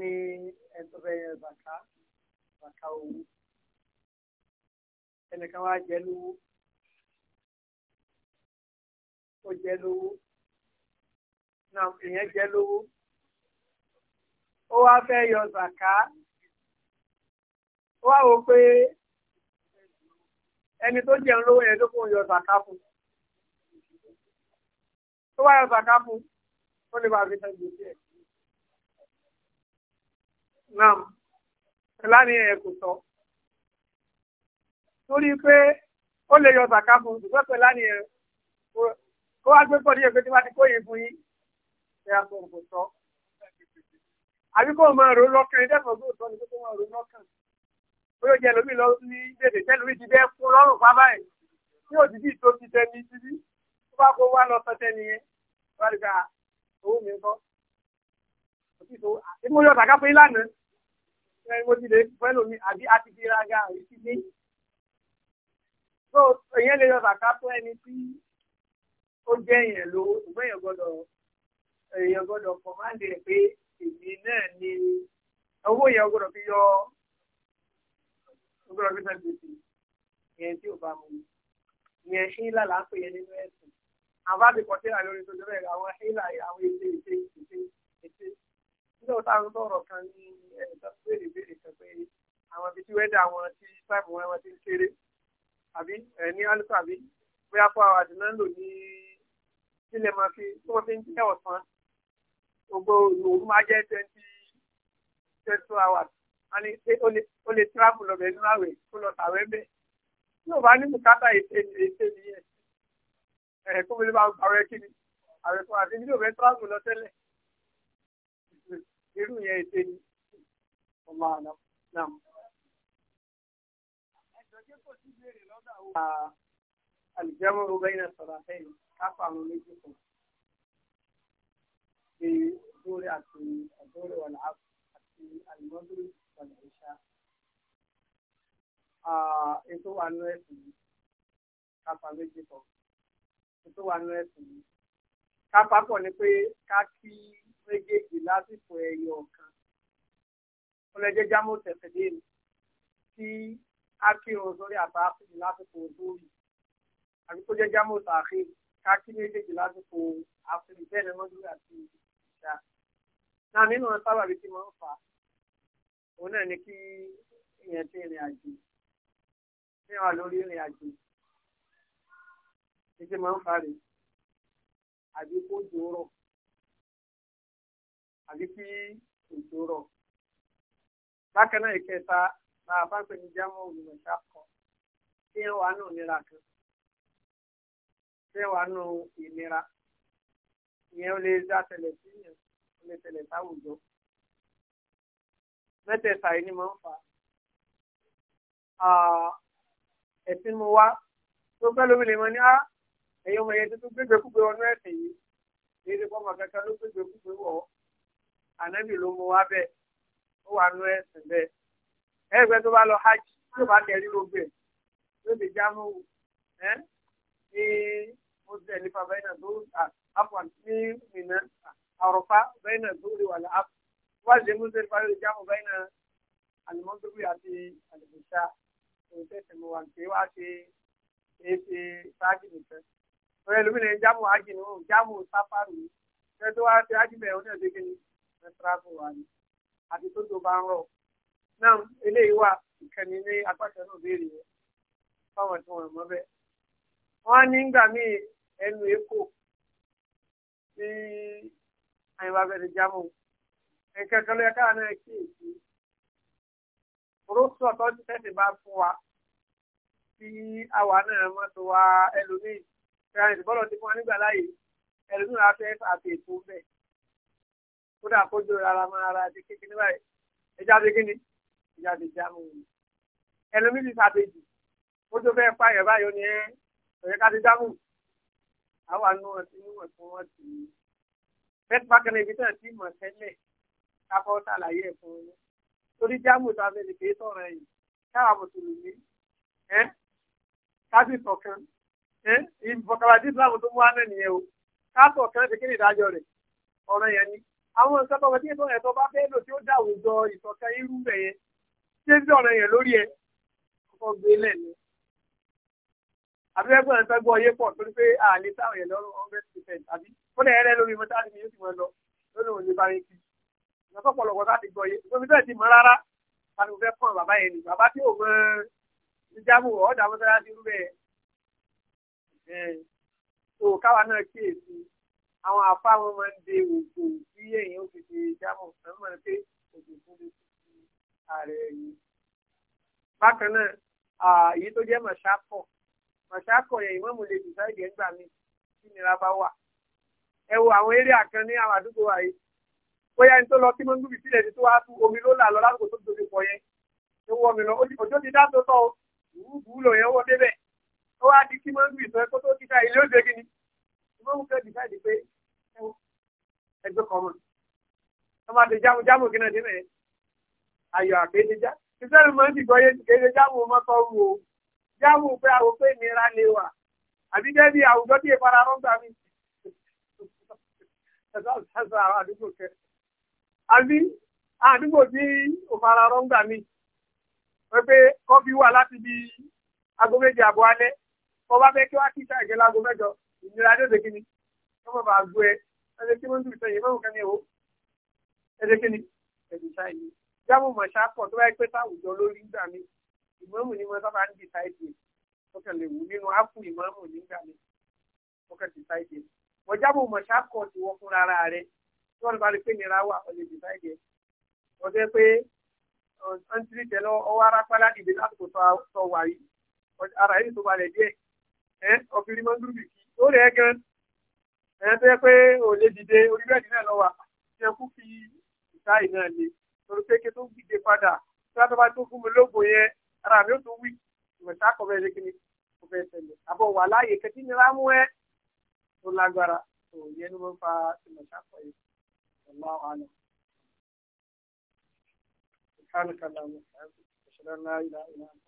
ní ẹ̀tọ́ bẹyẹ bàtà bàtà owó ẹnìkan wá jẹ lówó ó jẹ lówó náà èèyàn jẹ lówó ó wá fẹ́ yọ zàká ó wá wò pé ẹni tó jẹun lówó yẹn tó kún yọ nam ẹlánì ẹ kò tọ́ torí pé ó lè yọ zaka fún ṣùgbọ́n pé ẹlánì ẹ kó wá gbé pọ̀ ní ẹgbẹ́ tí wọ́n ti kó yìí fún yín ẹ àpò kò tọ́ àbí kó máa rò lọ́kàn ẹ dẹ́kun ọgbọ́n ìtọ́ni kó máa rò lọ́kàn ó yóò jẹ lómi lọ ní bèbè tẹ́lómi ti bẹ́ẹ̀ fún lọ́rùn pábá ẹ̀ tí ò dídí tó ti tẹni títí tó bá kó wá lọ tọ́tẹ́ nìyẹn wọ́n á rí ká ah, owó mi kọ́ òtítọ́ ìmúyọ̀ tàkà ìlànà mo ti lè fẹ́ lómi àbí a ti fi ra ga àrí sí ní. so èèyàn lè yọ bàtà fún ẹni tí ó jẹ́ èèyàn lówó ṣùgbọ́n èèyàn gbọ́dọ̀ èèyàn gbọ́dọ̀ kọ̀máǹdì rẹ̀ pé èmi náà ni owó yẹn gbọ́dọ̀ fi yọ gbọ́dọ̀ fi fẹ́ gbèsè ìyẹn tí ò bá mu ìyẹn ṣíńlá là yẹn nínú ẹ̀sìn àbábìkọ̀ tí lórí tó dẹ́rẹ̀ àwọn àwọn ètè nígbà tá à ń sọ̀rọ̀ kan ní ẹ̀ẹ́dá béèrè béèrè kan pé àwọn ibi tí wẹ́dà wọn ti táìpù wọn wọn ti ń kéré àbí ẹ̀ eh, ní alùpùpù àbí bóyá fún àwọn àdínà ń lò ní sílẹ̀ máa fi tí wọ́n fi ń jẹ́ ọ̀sán gbogbo òru máa jẹ́ twenty twenty two hours a ní ó lè tíráàpù lọ́bẹ̀ nínú àwẹ̀ kó lọ tàwẹ́ bẹ́ẹ̀ tí ò bá ní bùkátà ètè ètè nìyẹn ẹ̀ eh, kó mi lè máa gbàwẹ́ kí ni àwẹ̀ fún àti nílò bẹ́ẹ̀ tíráàpù lọ tẹ́lẹ̀ irú yẹn ṣe ni ọmọ àná náà. ẹjọ́ jẹ́ kò sí ìbéèrè lọ́dọ̀ àwọn. àlùjẹ́mọ́ ọgbẹ́ iná sọ̀rọ̀ àtẹ́yìn káfà àwọn méjì kan. ṣe dóòrè àti àdóòrè wà láàbù àti àlùmọ́dúró wà láìṣá. ètò wà nú ẹ̀sìn yìí káfà méjì kan. ètò wà nú ẹ̀sìn yìí káfà pọ̀ ni pé ká kí méjèèjì lásìkò ẹyọ ọ̀kan ọlọ́jẹ́ jámù tẹ̀sẹ̀lẹ́ mi tí akírun sórí àtàkùn lásìkò lórí àbí tó jẹ́ jámù tààkì kákí méjèèjì lásìkò àfẹnifẹ́rẹ́ mọ́dúró àti ìṣá náà nínú sábàbí tí wọ́n ń fà òun náà ni kí ìyẹn ti rìn àjò ní wà lórí ìrìn àjò ní ti máa ń fa rè àbí kó jòórọ̀ àbí kí òjò rọ̀. bákan náà ìkẹta bá a bá pè ní jámọ́ olùmọ̀ṣá kan kí ẹ wà nù nira kan kí ẹ wà nù ìnira ìyẹn ó lè dá tẹ̀lẹ̀ sí yẹn ó lè tẹ̀lẹ̀ sáwùjọ. mẹ́tẹ̀ẹ̀ta yìí ni mo ń fà á ẹ̀sìn mo wá tó fẹ́ lómi lè mọ ní á ẹ̀yin ọmọ yẹn tuntun gbégbé kúgbe ọdún ẹ̀sìn yìí èyí ti pọ́ ọmọ kankan ló gbégbé kúgbe wọ̀ ọ́ ànábì ló mú wá bẹ́ẹ̀ ó wà nú ẹ̀sìn bẹ́ẹ̀ ẹgbẹ́ tó bá lọ hajj tó bá kẹrí gbogbo ẹ̀ yóò lè já mú ẹ́ ní mọ́tẹ́ nípa bẹ́ẹ̀ náà tó àpò ní ìná àròpá bẹ́ẹ̀ náà tó lè wà lá àpò wá lè mú sẹ́ni parí lè já mú bẹ́ẹ̀ náà àlùmọ́tòbí àti àlùmọ́sá tó tẹ̀sẹ̀ mọ́ wà ní pé wá ṣe é ṣe sáájì nìkan ọ̀rẹ́ lómìnira jámù hajj ni wọ́n jámù sáfárì ní tó wá ṣe hajj bẹ̀rẹ̀ ó ní ọ̀dẹ́gẹ́ni fẹ́ tíráàbù wa ni àti tó tó bá ń rọ̀ náà eléyìí wà ìkànnì ní apáṣẹ náà béèrè yẹn fáwọn tí wọn mọ̀ bẹ́ẹ̀ wọn ní gbà mí ẹnu èkó tí àyìnbá bẹ̀rẹ̀ jámù nǹkan kan ló yẹ káwọn náà kíyèsí orósùn ọ̀tọ̀ ti tẹsí bá fún wa tí àwa náà mọ́tò wa ẹlòmíì ìrànlẹ bọlọ ti fún wa nígbà láàyè ẹlòmíì wa fẹẹ fà bẹ́ẹ̀ bẹ́ẹ̀ kódà kójú rárá máa ra ti kékeré báyìí ẹja ti kíni ẹja ti já mú un ẹlòmí ti sàbèjì kójú fẹ́ pààyàn báyìí ó ní ẹ ọ̀yẹ́ ká ti já mú un àwọn àánú ọtí níwọ̀n tí wọ́n ti ní bẹ́ẹ̀ bákan ibi náà ti mọ̀ tẹ́lẹ̀ káfọ́ sàlàyé ẹ̀ fún un torí jámù tá a fẹ́ lè ké sọ̀rọ̀ yìí káwa mùsùlùmí ẹ́ káfí sọ̀kan ẹ́ ìfọ̀kànlá tí Islam tó mú wá náà nìyẹn o ká sọ̀kan ṣe kí ni ìdájọ́ rẹ̀ ọ̀rọ̀ yẹn ni àwọn nǹkan tó wọ́n tí ètò ẹ̀tọ́ bá fẹ́ lò tí ó dà àwùjọ ìṣọ̀kan irú rẹ̀ yẹn ṣé bí ọ̀rọ̀ yẹn lórí ẹ kọ́kọ́ gbé lẹ́nu. àbíwẹ́ gbọ́dọ̀ sọ́gbọ́ ọyẹ́ pọ̀ torí pé àlè táwọn yẹn lọ́rùn hundred percent àbí ó dẹ̀ yẹn lórí mọ́tà ni yóò ti mọ́ lọ lórí òun ní bá yẹn kí. ìyàtọ̀ pọ̀lọpọ̀ láti gbọ́ yé gbogbo bẹ́ẹ̀ ti mọ́ rárá láti fẹ́ pọ̀ bàbá yẹn ni bàbá tí òun ìjábọ̀ ọ̀dà mọ́tà láti rú bẹ́ẹ̀. káwa náà kíyèsí àwọn àfa wọn máa ń de òògùn tí èèyàn ó fi ṣe jámọ̀ àwọn máa ń pé òògùn tó lè fi ààrẹ yìí. bákan náà èyí tó jẹ́ mọ̀ṣákọ̀ mọ̀ṣákọ̀ yẹn ìmọ̀mù lè dùn sáyẹ̀dì ẹgbàá mi kí nira bá wà. ẹ wo àwọn eré àkan ní àwọn àdúgbò wa yìí bóyá ẹni tó lọ sí mọ́ngúbì sílẹ̀ ti tó wá tú omi ló là lọ lásìkò tó dojú pọ̀ yẹn tó wọ́ mi lọ òjò ti dá tó tọ́ wúwú lò yẹn wọ́ débẹ̀ ó wá di kí mọ́ngúbì sọ ẹ kó tó ti ilé ó dé kí ni mọ́ngúbì kẹ́ dìsáìdì pé ẹgbẹ́ kan mọ̀ wọ́n máa ti jámù jámù kí náà dé mẹ́rin ayọ̀ àkéjẹjá ìfẹ́ mi máa ń dìgbọ́ yé kéde jámù mọ́tọ́ wù o jámù pé àwọn pé ìnira lè wà àbí jẹ́ bí àwùjọ tí ìfara rọ́gbà mi àbí àdúgbò tí òfara rọ́gbà mi pé kọ́fí wà láti bí aago méje àbọ̀ alẹ́ kọ́ bá fẹ́ kí wá kíkà ìgbẹ́ láago mẹ́jọ ìnira ló dé kíni ọmọ bá gbó ẹ ẹsẹ kí wọn tún sọ yìí mọ nǹkan ní o ẹsẹ kí ni ẹsẹ ṣáà yìí jábọ̀ mọ̀ ṣáà pọ̀ tó bá yẹ pé táwùjọ lórí gbà mí ìmọ̀ọ́mù ni mo sábà ń di táìpì ọkàn lè wù nínú ápù ìmọ̀ọ́mù nígbà mí ọkàn ti táìpì wọ́n jábọ̀ mọ̀ ṣáà kọ̀ ti wọ́ fúnra rẹ̀ tí wọ́n bá rí pé nira wà ọ lè di táìpì wọ́n jẹ́ pé ọ̀ntìrì tẹ̀lé ọwọ́ arápálá ìdè lásìkò tó wà yìí ara yìí tó balẹ̀ díẹ̀ ẹ́ ọ̀fìrì mọ́ndúrú bìkì ó rẹ̀ gan ẹ̀yẹ́ tó yẹ pé ò lè dìde orí bẹ́ẹ̀ nílẹ̀ lọ́wọ́ ṣe kú fi ìsáì náà le torí pé tó gbìde padà tí wọ́n bá tó fún mi lóògùn yẹn ara mi ò tó wì ìwẹ̀sà àbọ̀ wà láàyè ni rámú ẹ tó lágbára tó yẹ ló ń fa ìwẹ̀sà kọ̀ yìí ọ̀la ọ̀hánà.